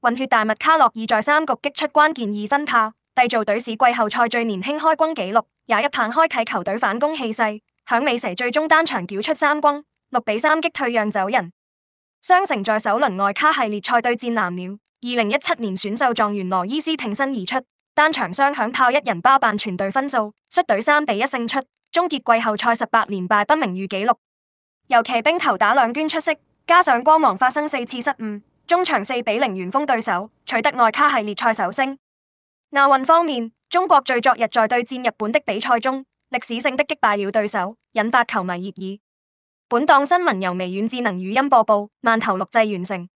混血大物卡洛爾在三局擊出關鍵二分炮，締造隊史季後賽最年輕開轟紀錄，也一棒開啟球隊反攻氣勢。響尾蛇最終單場繳出三轟，六比三擊退讓走人。雙城在首輪外卡系列賽對戰藍鳥，二零一七年選秀狀元羅伊斯挺身而出，單場雙響炮一人包辦全隊分數，率隊三比一勝出，終結季後賽十八連敗不名譽紀錄。尤其兵頭打兩捐出色，加上光芒發生四次失誤。中場四比零完封對手，取得外卡系列賽首勝。亞運方面，中國隊昨日在對戰日本的比賽中，歷史性的擊敗了對手，引發球迷熱議。本檔新聞由微軟智能語音播報，慢頭錄製完成。